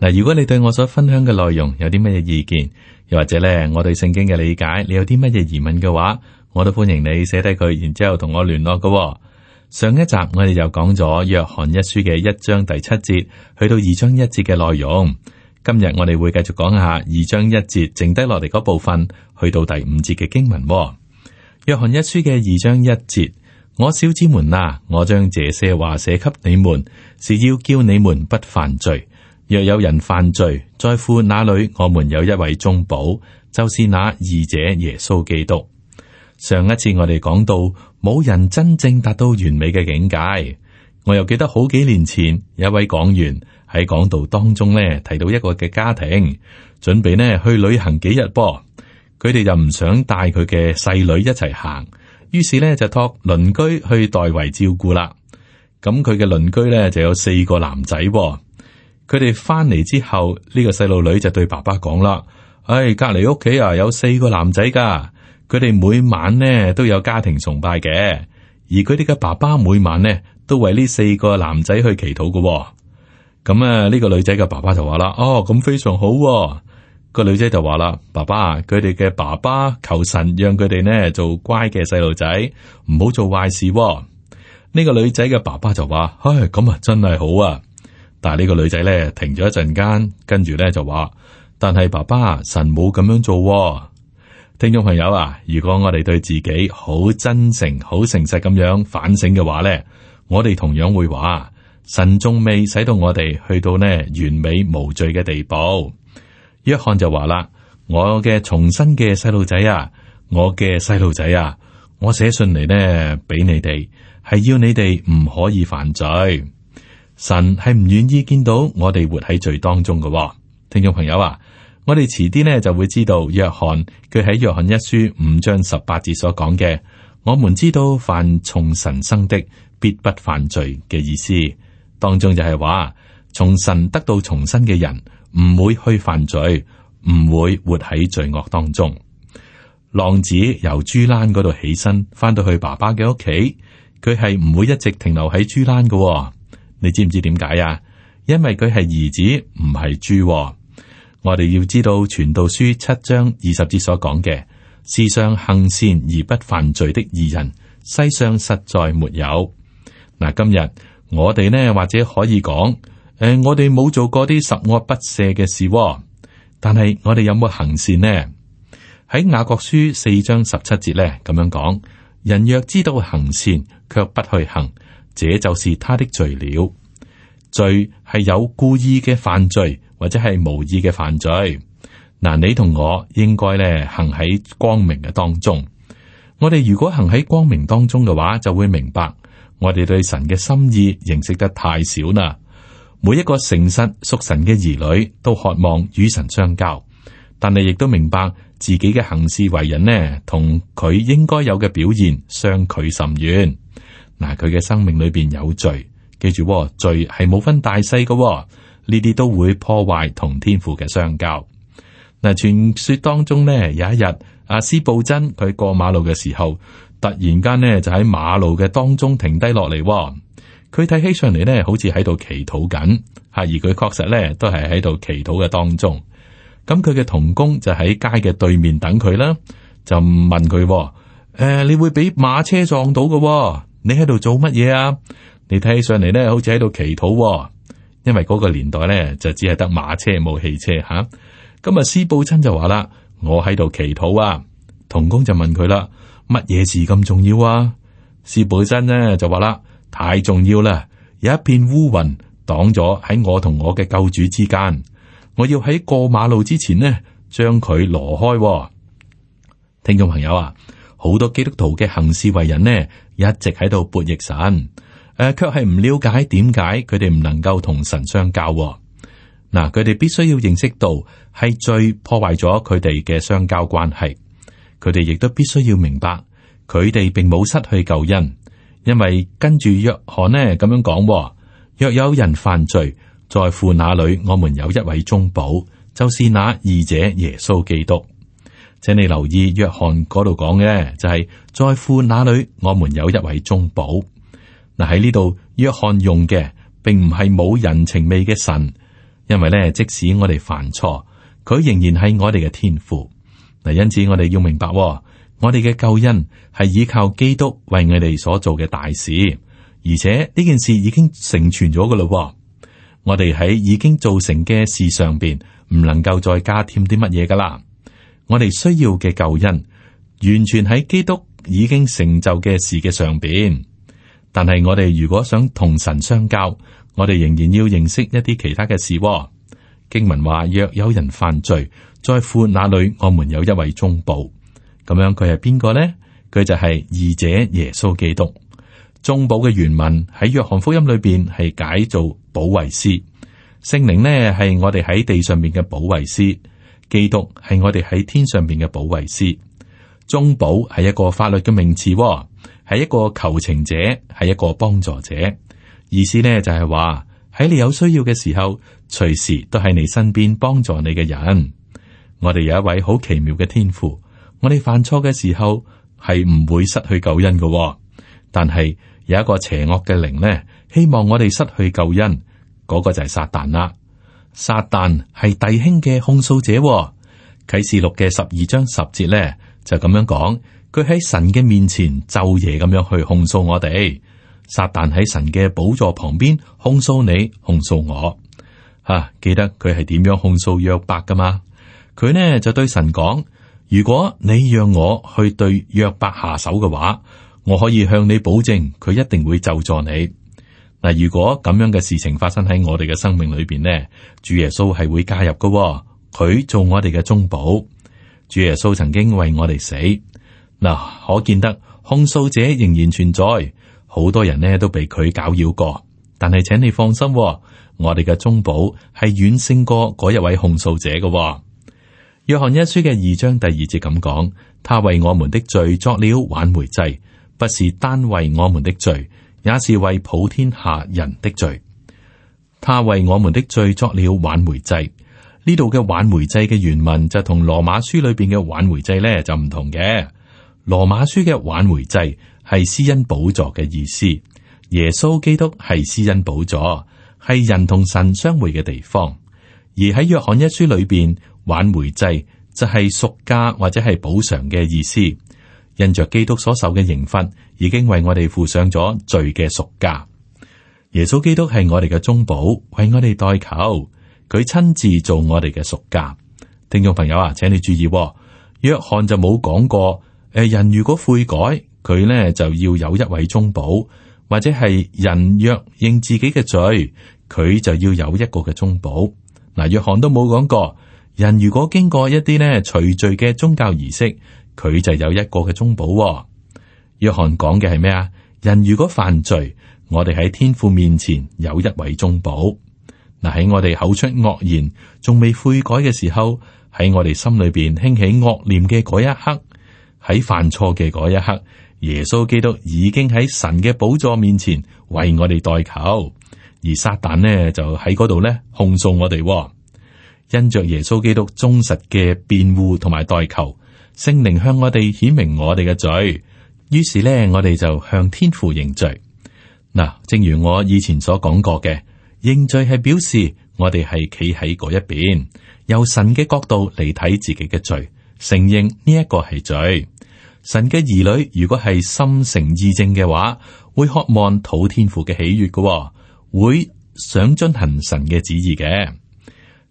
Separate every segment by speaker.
Speaker 1: 嗱，如果你對我所分享嘅內容有啲乜嘢意見，又或者咧，我對聖經嘅理解，你有啲乜嘢疑問嘅話，我都歡迎你寫低佢，然之後同我聯絡嘅哦。上一集我哋就講咗約翰一書嘅一章第七節去到二章一節嘅內容，今日我哋會繼續講下二章一節剩低落嚟嗰部分，去到第五節嘅經文哦。約翰一書嘅二章一節，我小子們啊，我將這些話寫給你們，是要叫你們不犯罪。若有人犯罪，在父那裏，我們有一位中保，就是那義者耶穌基督。上一次我哋講到，冇人真正達到完美嘅境界。我又記得好幾年前，有一位講員喺講道當中咧提到一個嘅家庭，準備咧去旅行幾日噃，佢哋又唔想帶佢嘅細女一齊行，於是咧就託鄰居去代為照顧啦。咁佢嘅鄰居咧就有四個男仔。佢哋翻嚟之後，呢個細路女就對爸爸講啦：，唉，隔籬屋企啊有四個男仔噶，佢哋每晚呢都有家庭崇拜嘅，而佢哋嘅爸爸每晚呢都為呢四個男仔去祈禱噶。咁啊，呢個女仔嘅爸爸就話啦：，哦，咁非常好啊。個女仔就話啦：，爸爸，佢哋嘅爸爸求神讓佢哋呢做乖嘅細路仔，唔好做壞事啊。呢個女仔嘅爸爸就話：，唉，咁啊真係好啊。但係呢個女仔咧，停咗一陣間，跟住咧就話：，但係爸爸，神冇咁樣做喎。聽眾朋友啊，如果我哋對自己好真誠、好誠實咁樣反省嘅話咧，我哋同樣會話：，神仲未使到我哋去到呢完美無罪嘅地步。約翰就話啦：，我嘅重生嘅細路仔啊，我嘅細路仔啊，我寫信嚟呢俾你哋，係要你哋唔可以犯罪。神係唔願意見到我哋活喺罪當中嘅哦。聽眾朋友啊，我哋遲啲呢就會知道約翰佢喺約翰一書五章十八節所講嘅，我們知道凡從神生的必不犯罪嘅意思當中就係話，從神得到重生嘅人唔會去犯罪，唔會活喺罪惡當中。浪子由豬欄嗰度起身翻到去爸爸嘅屋企，佢係唔會一直停留喺豬欄嘅。你知唔知點解啊？因為佢係兒子，唔係豬喎。我哋要知道《傳道書》七章二十節所講嘅，世上行善而不犯罪的義人，世上實在沒有。嗱，今日我哋呢，或者可以講，誒、呃，我哋冇做過啲十惡不赦嘅事、哦，但係我哋有冇行善呢？喺《雅各書》四章十七節呢，咁樣講：人若知道行善，卻不去行。這就是他的罪了，罪係有故意嘅犯罪，或者係無意嘅犯罪。嗱，你同我應該咧行喺光明嘅當中。我哋如果行喺光明當中嘅話，就會明白我哋對神嘅心意認識得太少啦。每一個誠實屬神嘅兒女都渴望與神相交，但係亦都明白自己嘅行事為人呢，同佢應該有嘅表現相距甚遠。嗱，佢嘅生命裏邊有罪，記住，罪係冇分大細噶。呢啲都會破壞同天父嘅相交。嗱，傳說當中呢，有一日阿施布珍佢過馬路嘅時候，突然間呢，就喺馬路嘅當中停低落嚟。佢睇起上嚟呢，好似喺度祈禱緊吓，而佢確實呢，都係喺度祈禱嘅當中。咁佢嘅童工就喺街嘅對面等佢啦，就問佢，誒、呃，你會俾馬車撞到噶？你喺度做乜嘢啊？你睇起上嚟咧，好似喺度祈禱喎，因為嗰個年代咧就只係得馬車冇汽車吓。咁啊，今日司布真就話啦：我喺度祈禱啊。童工就問佢啦：乜嘢事咁重要啊？司布真呢就話啦：太重要啦！有一片烏雲擋咗喺我同我嘅救主之間，我要喺過馬路之前呢將佢挪開喎。聽眾朋友啊！好多基督徒嘅行事為人呢，一直喺度悖逆神，誒、呃，卻係唔了解點解佢哋唔能夠同神相交，哦。嗱，佢哋必須要認識到係罪破壞咗佢哋嘅相交關係。佢哋亦都必須要明白，佢哋並冇失去救恩，因為跟住約翰呢咁樣講，哦：，若有人犯罪，在父那裏，我們有一位中保，就是那義者耶穌基督。請你留意約翰嗰度講嘅就係、是、在父」那裏，我們有一位中保。嗱，喺呢度，約翰用嘅並唔係冇人情味嘅神，因為咧，即使我哋犯錯，佢仍然係我哋嘅天父。嗱，因此我哋要明白、哦，我哋嘅救恩係依靠基督為我哋所做嘅大事，而且呢件事已經成全咗噶啦。我哋喺已經做成嘅事上邊，唔能夠再加添啲乜嘢噶啦。我哋需要嘅救恩，完全喺基督已經成就嘅事嘅上邊。但係我哋如果想同神相交，我哋仍然要認識一啲其他嘅事、哦。經文話：若有人犯罪，在父那裏，我們有一位中保，咁樣佢係邊個呢？佢就係義者耶穌基督。中保嘅原文喺約翰福音裏邊係解做保惠師。聖靈呢係我哋喺地上面嘅保惠師。基督係我哋喺天上邊嘅保衛師，中保係一個法律嘅名詞喎，係一個求情者，係一個幫助者。意思呢就係話喺你有需要嘅時候，隨時都喺你身邊幫助你嘅人。我哋有一位好奇妙嘅天父，我哋犯錯嘅時候係唔會失去救恩嘅喎，但係有一個邪惡嘅靈呢，希望我哋失去救恩，嗰個就係撒旦啦。撒旦係弟兄嘅控訴者，哦，啟示錄嘅十二章十節咧就咁樣講，佢喺神嘅面前晝夜咁樣去控訴我哋。撒旦喺神嘅寶座旁邊控訴你，控訴我。吓、啊，記得佢係點樣控訴約伯㗎嘛？佢呢就對神講：如果你讓我去對約伯下手嘅話，我可以向你保證，佢一定會咒詛你。嗱，如果咁樣嘅事情發生喺我哋嘅生命裏邊呢，主耶穌係會加入嘅，佢做我哋嘅中保。主耶穌曾經為我哋死，嗱，可見得控訴者仍然存在，好多人呢都被佢搞擾過。但係請你放心，我哋嘅中保係遠勝過嗰一位控訴者嘅。約翰一書嘅二章第二節咁講，他為我們的罪作了挽回祭，不是單為我們的罪。也是為普天下人的罪，他為我們的罪作了挽回祭。呢度嘅挽回祭嘅原文就同羅馬書裏邊嘅挽回祭呢就唔同嘅。羅馬書嘅挽回祭係施恩寶座嘅意思，耶穌基督係施恩寶座，係人同神相會嘅地方。而喺約翰一書裏邊，挽回祭就係贖價或者係補償嘅意思。因着基督所受嘅刑罰，已經為我哋付上咗罪嘅贖價。耶穌基督係我哋嘅中保，為我哋代求，佢親自做我哋嘅贖價。聽眾朋友啊，請你注意、哦，約翰就冇講過，誒、呃，人如果悔改，佢呢就要有一位中保，或者係人若認自己嘅罪，佢就要有一個嘅中保。嗱，約翰都冇講過，人如果經過一啲呢除罪嘅宗教儀式。佢就有一個嘅中保，哦。約翰講嘅係咩啊？人如果犯罪，我哋喺天父面前有一位中保。嗱，喺我哋口出惡言，仲未悔改嘅時候，喺我哋心裏邊興起惡念嘅嗰一刻，喺犯錯嘅嗰一刻，耶穌基督已經喺神嘅寶座面前為我哋代求，而撒旦呢就喺嗰度呢控訴我哋，哦。因着耶穌基督忠實嘅辯護同埋代求。聖靈向我哋顯明我哋嘅罪，於是呢，我哋就向天父認罪。嗱，正如我以前所講過嘅，認罪係表示我哋係企喺嗰一邊，由神嘅角度嚟睇自己嘅罪，承認呢一個係罪。神嘅兒女如果係心誠意正嘅話，會渴望討天父嘅喜悦嘅，會想進行神嘅旨意嘅。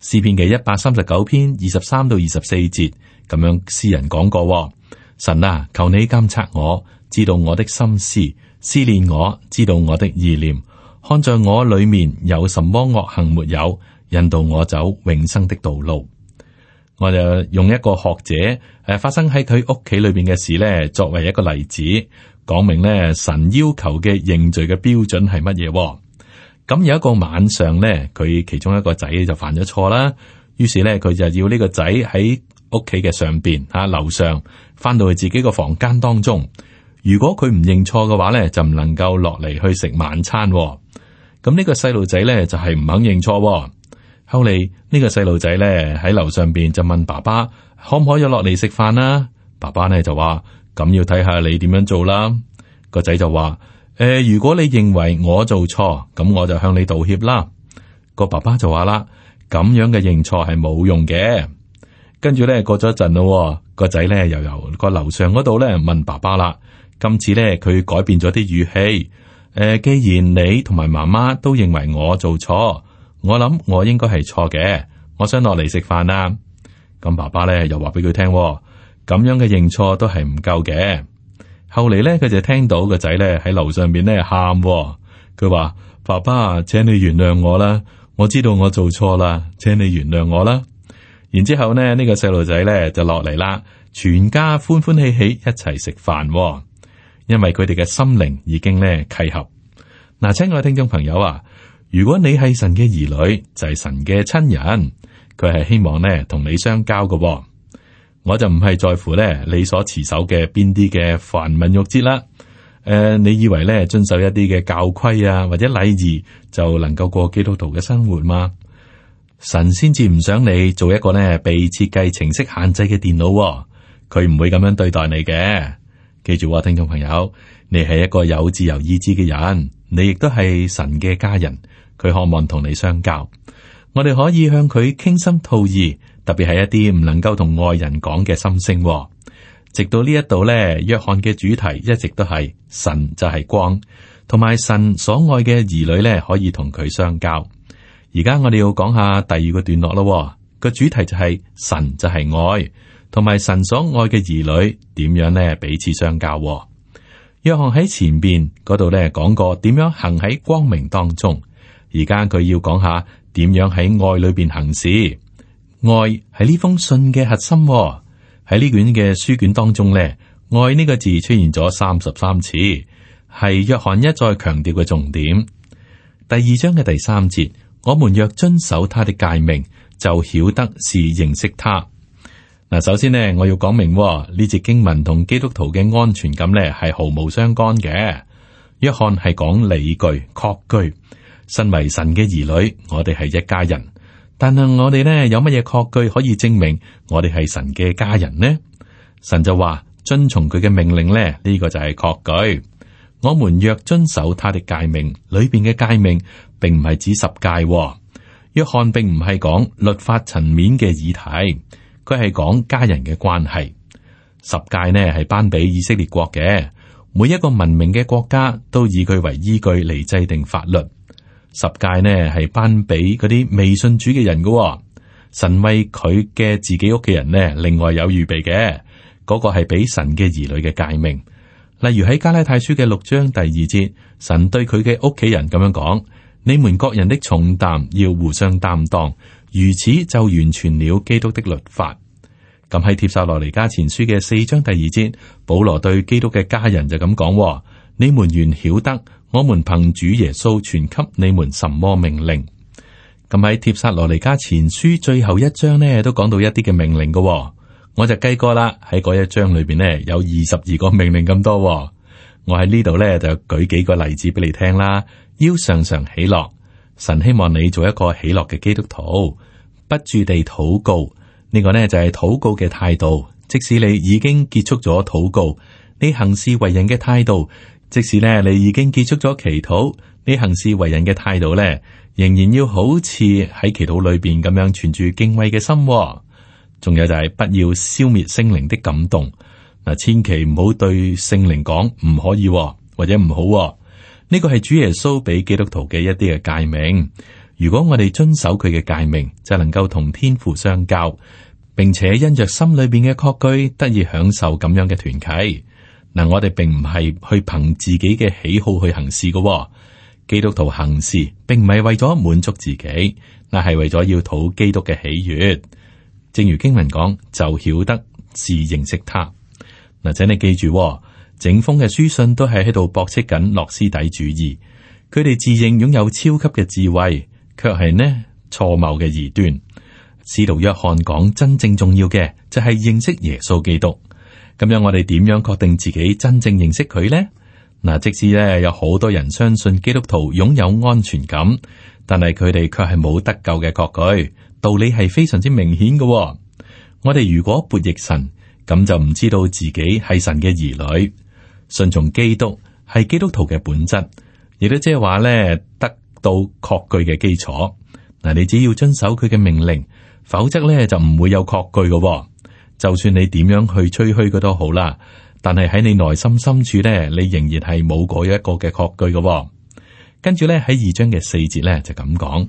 Speaker 1: 詩篇嘅一百三十九篇二十三到二十四節。咁樣，詩人講過、哦：神啊，求你監察我，知道我的心思，思念我知道我的意念，看在我裏面有什麼惡行沒有，引導我走永生的道路。我就用一個學者誒、呃、發生喺佢屋企裏面嘅事呢，作為一個例子，講明呢，神要求嘅認罪嘅標準係乜嘢。咁有一個晚上呢，佢其中一個仔就犯咗錯啦，於是呢，佢就要呢個仔喺。屋企嘅上邊吓樓上，返到去自己個房間當中，如果佢唔認錯嘅話呢就唔能夠落嚟去食晚餐，哦。咁呢個細路仔呢，就係、是、唔肯認錯，哦。後嚟呢、這個細路仔呢，喺樓上邊就問爸爸：可唔可以落嚟食飯啊？爸爸呢，就話：咁要睇下你點樣做啦。個仔就話：誒、呃，如果你認為我做錯，咁我就向你道歉啦。個爸爸就話啦：咁樣嘅認錯係冇用嘅。跟住咧，過咗一陣咯，個仔咧又由個樓上嗰度咧問爸爸啦。今次咧佢改變咗啲語氣，誒、呃，既然你同埋媽媽都認為我做錯，我諗我應該係錯嘅，我想落嚟食飯啦。咁爸爸咧又話俾佢聽，咁樣嘅認錯都係唔夠嘅。後嚟咧佢就聽到個仔咧喺樓上邊咧喊，佢話爸爸，請你原諒我啦，我知道我做錯啦，請你原諒我啦。然之後咧，呢個細路仔咧就落嚟啦，全家歡歡喜喜一齊食飯。哦，因為佢哋嘅心靈已經咧契合。嗱，親愛聽眾朋友啊，如果你係神嘅兒女，就係、是、神嘅親人，佢係希望咧同你相交嘅，哦。我就唔係在乎咧你所持守嘅邊啲嘅繁文縟節啦。誒、呃，你以為咧遵守一啲嘅教規啊或者禮儀就能夠過基督徒嘅生活嗎？神先至唔想你做一個呢，被設計程式限制嘅電腦，佢唔會咁樣對待你嘅。記住，喎，聽眾朋友，你係一個有自由意志嘅人，你亦都係神嘅家人，佢渴望同你相交。我哋可以向佢傾心吐意，特別係一啲唔能夠同愛人講嘅心聲。直到呢一度呢，約翰嘅主題一直都係神就係光，同埋神所愛嘅兒女呢，可以同佢相交。而家我哋要講下第二個段落咯。個主題就係、是、神就係愛，同埋神所愛嘅兒女點樣呢？彼此相交。約翰喺前邊嗰度呢，講過點樣行喺光明當中。而家佢要講下點樣喺愛裏邊行事。愛係呢封信嘅核心，喺呢卷嘅書卷當中呢，「愛」呢個字出現咗三十三次，係約翰一再強調嘅重點。第二章嘅第三節。我們若遵守他的誡命，就曉得是認識他。嗱，首先呢，我要講明呢隻經文同基督徒嘅安全感呢係毫無相干嘅。約翰係講理據、確據。身為神嘅兒女，我哋係一家人。但係我哋呢，有乜嘢確據可以證明我哋係神嘅家人呢？神就話遵從佢嘅命令呢，呢、這個就係確據。我們若遵守他的誡命，裏邊嘅誡命。並唔係指十誡，哦，約翰並唔係講律法層面嘅議題，佢係講家人嘅關係。十誡呢係頒俾以色列國嘅，每一個文明嘅國家都以佢為依據嚟制定法律。十誡呢係頒俾嗰啲未信主嘅人嘅，哦，神為佢嘅自己屋企人呢，另外有預備嘅嗰，嗰個係俾神嘅兒女嘅誡命。例如喺加拉太書嘅六章第二節，神對佢嘅屋企人咁樣講。你們各人的重擔要互相擔當，如此就完全了基督的律法。咁喺帖撒羅尼迦前書嘅四章第二節，保羅對基督嘅家人就咁講：你們原曉得，我們憑主耶穌傳給你們什麼命令。咁喺帖撒羅尼迦前書最後一章呢，都講到一啲嘅命令嘅、哦。我就計過啦，喺嗰一章裏邊呢，有二十二個命令咁多、哦。我喺呢度呢，就舉幾個例子俾你聽啦。要常常喜樂，神希望你做一個喜樂嘅基督徒，不住地禱告。呢、呢個呢，就係禱告嘅態度。即使你已經結束咗禱告，你行事為人嘅態度，即使呢，你已經結束咗祈禱，你行事為人嘅態度呢，仍然要好似喺祈禱裏邊咁樣存住敬畏嘅心。仲有就係不要消滅聖靈的感動。嗱，千祈唔好對聖靈講唔可以、啊，或者唔好、啊。呢個係主耶穌俾基督徒嘅一啲嘅誡命，如果我哋遵守佢嘅誡命，就能夠同天父相交，並且因着心裏邊嘅渴居得以享受咁樣嘅團契。嗱，我哋並唔係去憑自己嘅喜好去行事嘅、哦，基督徒行事並唔係為咗滿足自己，而係為咗要討基督嘅喜悅。正如經文講，就曉得自認識他。嗱，請你記住、哦。整封嘅書信都係喺度駁斥緊諾斯底主義，佢哋自認擁有超級嘅智慧，卻係呢錯謬嘅異端。使徒約翰講真正重要嘅就係認識耶穌基督。咁樣我哋點樣確定自己真正認識佢呢？嗱，即使呢有好多人相信基督徒擁有安全感，但係佢哋卻係冇得救嘅。國語道理係非常之明顯嘅、哦。我哋如果悖逆神，咁就唔知道自己係神嘅兒女。順從基督係基督徒嘅本質，亦都即係話咧得到確據嘅基礎。嗱，你只要遵守佢嘅命令，否則咧就唔會有確據嘅。就算你點樣去吹噓佢都好啦，但係喺你內心深處咧，你仍然係冇嗰一個嘅確據嘅。跟住咧喺二章嘅四節咧就咁講：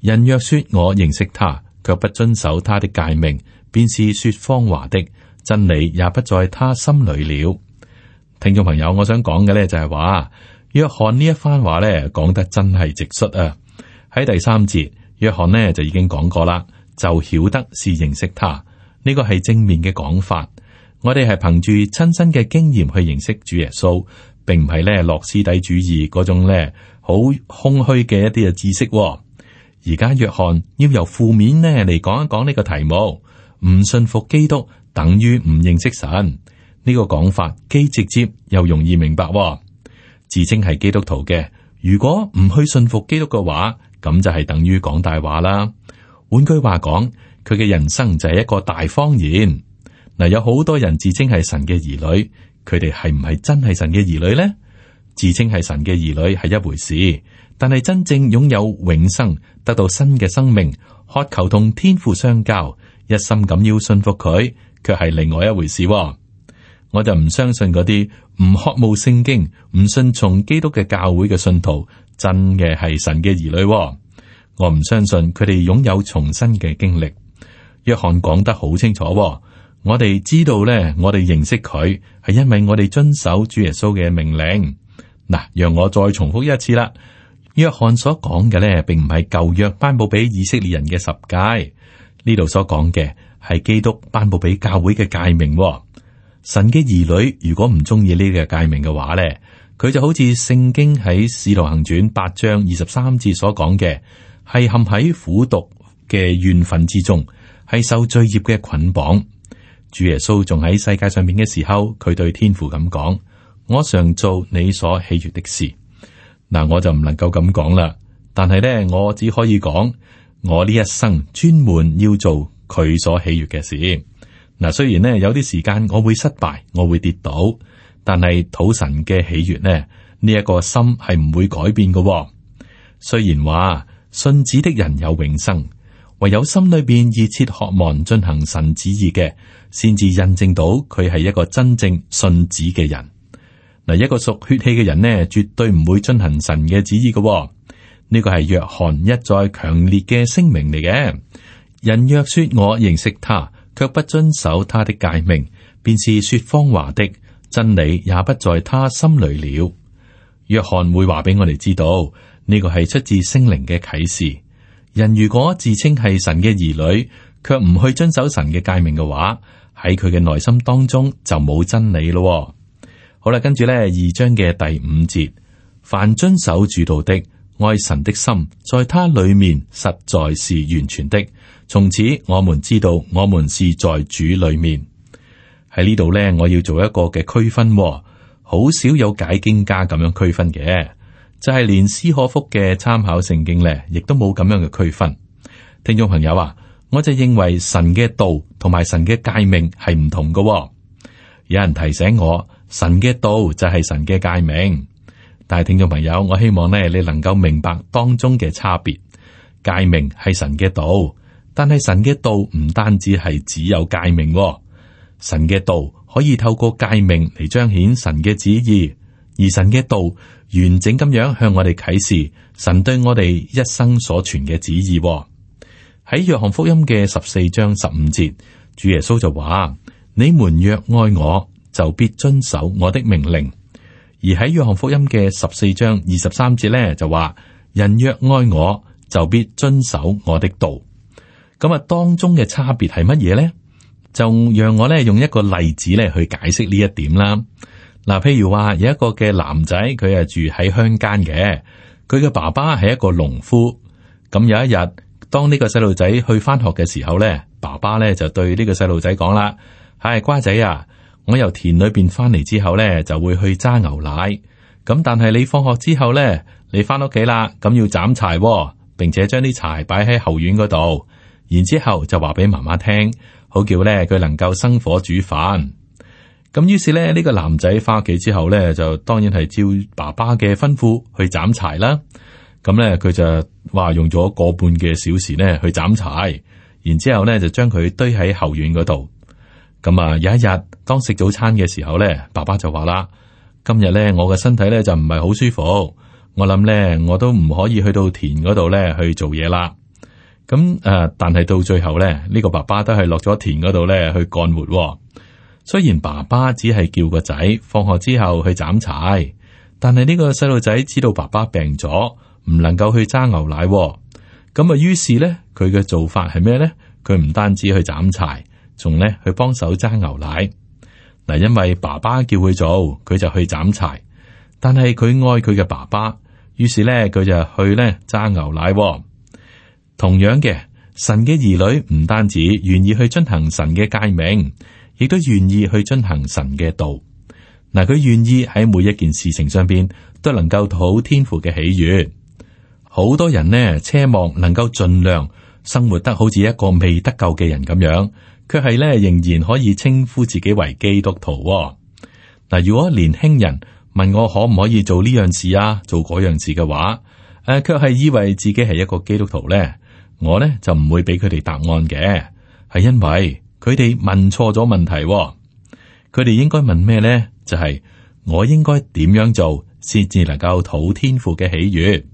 Speaker 1: 人若說我認識他，卻不遵守他的誡命，便是說謊話的，真理也不在他心裏了。聽眾朋友，我想講嘅咧就係話，約翰呢一番話咧講得真係直率啊！喺第三節，約翰呢就已經講過啦，就曉得是認識他。呢個係正面嘅講法。我哋係憑住親身嘅經驗去認識主耶穌，並唔係咧諾斯底主義嗰種咧好空虛嘅一啲嘅知識。而家約翰要由負面咧嚟講一講呢個題目，唔信服基督等於唔認識神。呢個講法既直接又容易明白哦。自稱係基督徒嘅，如果唔去信服基督嘅話，咁就係等於講大話啦。換句話講，佢嘅人生就係一個大謊言。嗱，有好多人自稱係神嘅兒女，佢哋係唔係真係神嘅兒女呢？自稱係神嘅兒女係一回事，但係真正擁有永生，得到新嘅生命，渴求同天父相交，一心咁要信服佢，卻係另外一回事哦。我就唔相信嗰啲唔渴慕聖經、唔信從基督嘅教會嘅信徒真嘅係神嘅兒女。我唔相信佢哋擁有重生嘅經歷。約翰講得好清楚。我哋知道咧，我哋認識佢係因為我哋遵守主耶穌嘅命令。嗱，讓我再重複一次啦。約翰所講嘅咧，並唔係舊約頒布俾以色列人嘅十誡。呢度所講嘅係基督頒布俾教會嘅誡命。神嘅兒女如果唔中意呢個界名嘅話咧，佢就好似聖經喺使徒行傳八章二十三節所講嘅，係陷喺苦毒嘅怨憤之中，係受罪孽嘅捆綁。主耶穌仲喺世界上面嘅時候，佢對天父咁講：我常做你所喜悦的事。嗱，我就唔能夠咁講啦。但係咧，我只可以講，我呢一生專門要做佢所喜悦嘅事。嗱，雖然呢有啲時間我會失敗，我會跌倒，但係土神嘅喜悦呢？呢、這、一個心係唔會改變噶、哦。雖然話信子的人有永生，唯有心裏邊熱切渴望進行神旨意嘅，先至印證到佢係一個真正信子嘅人。嗱，一個屬血氣嘅人呢，絕對唔會進行神嘅旨意嘅、哦。呢、這個係約翰一再強烈嘅聲明嚟嘅。人若說我認識他。卻不遵守他的誡命，便是說謊話的，真理也不在他心裏了。約翰會話俾我哋知道，呢個係出自聖靈嘅啟示。人如果自稱係神嘅兒女，卻唔去遵守神嘅誡命嘅話，喺佢嘅內心當中就冇真理咯。好啦，跟住咧二章嘅第五節，凡遵守主道的愛神的心，在他裏面實在是完全的。從此我們知道，我們是在主裡面。喺呢度呢，我要做一個嘅區分、哦，好少有解經家咁樣區分嘅，就係連斯可福嘅參考聖經呢，亦都冇咁樣嘅區分。聽眾朋友啊，我就認為神嘅道同埋神嘅戒命係唔同嘅。有人提醒我，神嘅道就係神嘅戒命，但係聽眾朋友，我希望呢，你能夠明白當中嘅差別，戒命係神嘅道。但係神嘅道唔單止係只有誡命、哦，神嘅道可以透過誡命嚟彰顯神嘅旨意，而神嘅道完整咁樣向我哋啟示神對我哋一生所傳嘅旨意、哦。喺約翰福音嘅十四章十五節，主耶穌就話：「你們若愛我，就必遵守我的命令。」而喺約翰福音嘅十四章二十三節呢，就話：人若愛我，就必遵守我的道。咁啊，當中嘅差別係乜嘢呢？就讓我咧用一個例子咧去解釋呢一點啦。嗱，譬如話有一個嘅男仔，佢係住喺鄉間嘅，佢嘅爸爸係一個農夫。咁有一日，當呢個細路仔去翻學嘅時候咧，爸爸咧就對呢個細路仔講啦：唉、哎，瓜仔啊，我由田裏邊翻嚟之後咧，就會去揸牛奶。咁但係你放學之後咧，你翻屋企啦，咁要斬柴喎，並且將啲柴擺喺後院嗰度。然之後就話俾媽媽聽，好叫咧佢能夠生火煮飯。咁於是咧呢個男仔翻屋企之後咧，就當然係照爸爸嘅吩咐去斬柴啦。咁咧佢就話用咗個半嘅小時咧去斬柴，然之後咧就將佢堆喺後院嗰度。咁啊有一日當食早餐嘅時候咧，爸爸就話啦：今日咧我嘅身體咧就唔係好舒服，我諗咧我都唔可以去到田嗰度咧去做嘢啦。咁誒、嗯，但係到最後咧，呢、這個爸爸都係落咗田嗰度咧去幹活、哦。雖然爸爸只係叫個仔放學之後去斬柴，但係呢個細路仔知道爸爸病咗，唔能夠去揸牛奶、哦。咁啊，於是咧佢嘅做法係咩咧？佢唔單止去斬柴，仲咧去幫手揸牛奶。嗱，因為爸爸叫佢做，佢就去斬柴。但係佢愛佢嘅爸爸，於是咧佢就去咧揸牛奶、哦。同樣嘅，神嘅兒女唔單止願意去遵行神嘅誡命，亦都願意去遵行神嘅道。嗱，佢願意喺每一件事情上邊都能夠討天父嘅喜悅。好多人呢，奢望能夠盡量生活得好似一個未得救嘅人咁樣，卻係咧仍然可以稱呼自己為基督徒喎。嗱，如果年輕人問我可唔可以做呢樣事啊，做嗰樣事嘅話，誒、啊，卻係以為自己係一個基督徒呢。我咧就唔會俾佢哋答案嘅，係因為佢哋問錯咗問題、哦。佢哋應該問咩咧？就係、是、我應該點樣做先至能夠討天父嘅喜悦？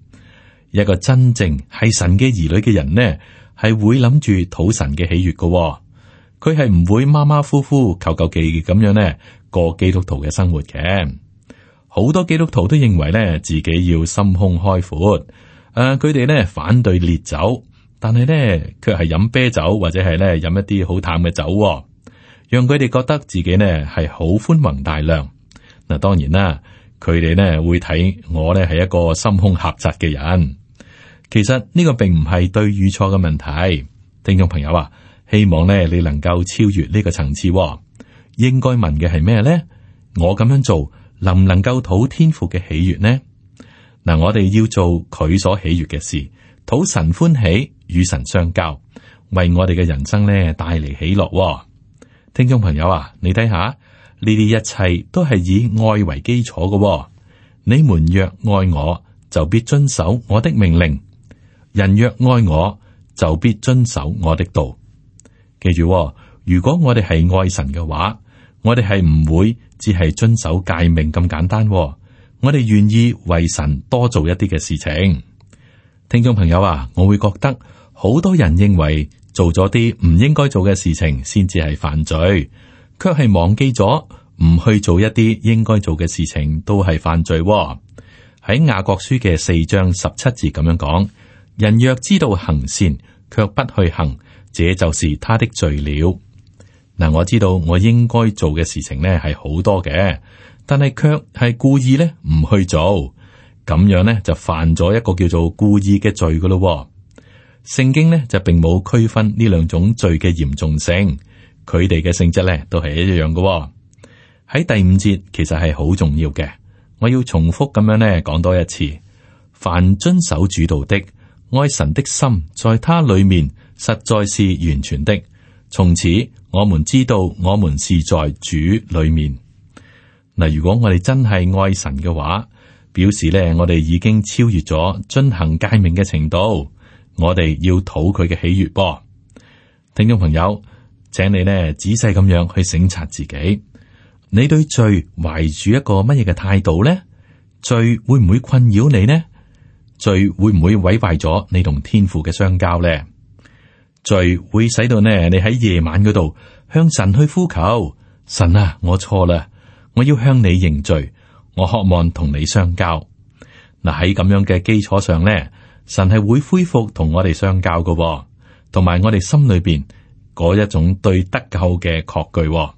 Speaker 1: 一個真正係神嘅兒女嘅人呢，係會諗住討神嘅喜悦嘅、哦。佢係唔會馬馬虎虎、求求其其咁樣呢過基督徒嘅生活嘅。好多基督徒都認為咧，自己要心胸開闊。誒、呃，佢哋呢，反對烈酒。但係咧，佢係飲啤酒或者係咧飲一啲好淡嘅酒，讓佢哋覺得自己呢係好寬宏大量。嗱，當然啦，佢哋呢會睇我呢係一個心胸狹窄嘅人。其實呢個並唔係對與錯嘅問題，聽眾朋友啊，希望呢你能夠超越呢個層次。應該問嘅係咩呢？我咁樣做能唔能夠討天父嘅喜悅呢？嗱，我哋要做佢所喜悅嘅事。討神歡喜，與神相交，為我哋嘅人生咧帶嚟喜樂喎。聽眾朋友啊，你睇下呢啲一切都係以愛為基礎嘅喎。你們若愛我，就必遵守我的命令；人若愛我，就必遵守我的道。記住喎，如果我哋係愛神嘅話，我哋係唔會只係遵守誡命咁簡單喎。我哋願意為神多做一啲嘅事情。聽眾朋友啊，我會覺得好多人認為做咗啲唔應該做嘅事情先至係犯罪，卻係忘記咗唔去做一啲應該做嘅事情都係犯罪、啊。喺《雅各書》嘅四章十七字咁樣講：人若知道行善，卻不去行，這就是他的罪了。嗱、嗯，我知道我應該做嘅事情咧係好多嘅，但係卻係故意咧唔去做。咁樣呢，就犯咗一個叫做故意嘅罪噶咯、哦。聖經呢，就並冇區分呢兩種罪嘅嚴重性，佢哋嘅性質呢都係一樣嘅、哦。喺第五節其實係好重要嘅，我要重複咁樣呢講多一次。凡遵守主道的，愛神的心在他裏面實在是完全的。從此我們知道我們是在主裏面。嗱，如果我哋真係愛神嘅話。表示咧，我哋已經超越咗遵行誡命嘅程度，我哋要討佢嘅喜悅。噃。聽眾朋友，請你呢仔細咁樣去省察自己，你對罪懷住一個乜嘢嘅態度呢？罪會唔會困擾你呢？罪會唔會毀壞咗你同天父嘅相交呢？罪會使到呢你喺夜晚嗰度向神去呼求，神啊，我錯啦，我要向你認罪。我渴望同你相交，嗱喺咁樣嘅基礎上咧，神係會恢復同我哋相交嘅、哦，同埋我哋心裏邊嗰一種對得救嘅確據、哦。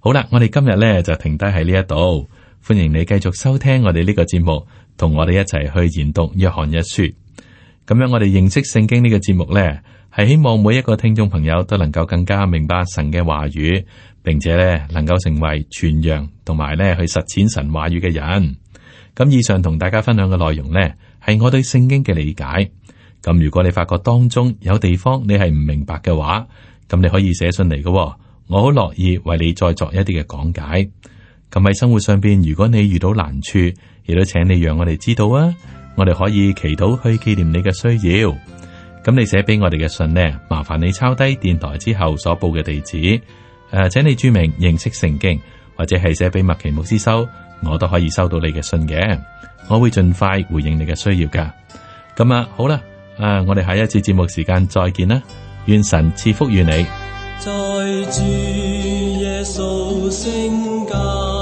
Speaker 1: 好啦，我哋今日咧就停低喺呢一度，歡迎你繼續收聽我哋呢個節目，同我哋一齊去研讀約翰一書，咁樣我哋認識聖經呢、呢個節目咧。係希望每一個聽眾朋友都能夠更加明白神嘅話語，並且咧能夠成為傳揚同埋咧去實踐神話語嘅人。咁以上同大家分享嘅內容呢，係我對聖經嘅理解。咁如果你發覺當中有地方你係唔明白嘅話，咁你可以寫信嚟嘅，我好樂意為你再作一啲嘅講解。咁喺生活上邊，如果你遇到難處，亦都請你讓我哋知道啊，我哋可以祈禱去紀念你嘅需要。咁你寫俾我哋嘅信呢，麻煩你抄低電台之後所報嘅地址，誒、呃，請你注明認識聖經，或者係寫俾麥奇牧師收，我都可以收到你嘅信嘅，我會盡快回應你嘅需要噶。咁、嗯、啊，好啦，誒、呃，我哋下一次節目時間再見啦，願神賜福於你。再住耶穌聖教。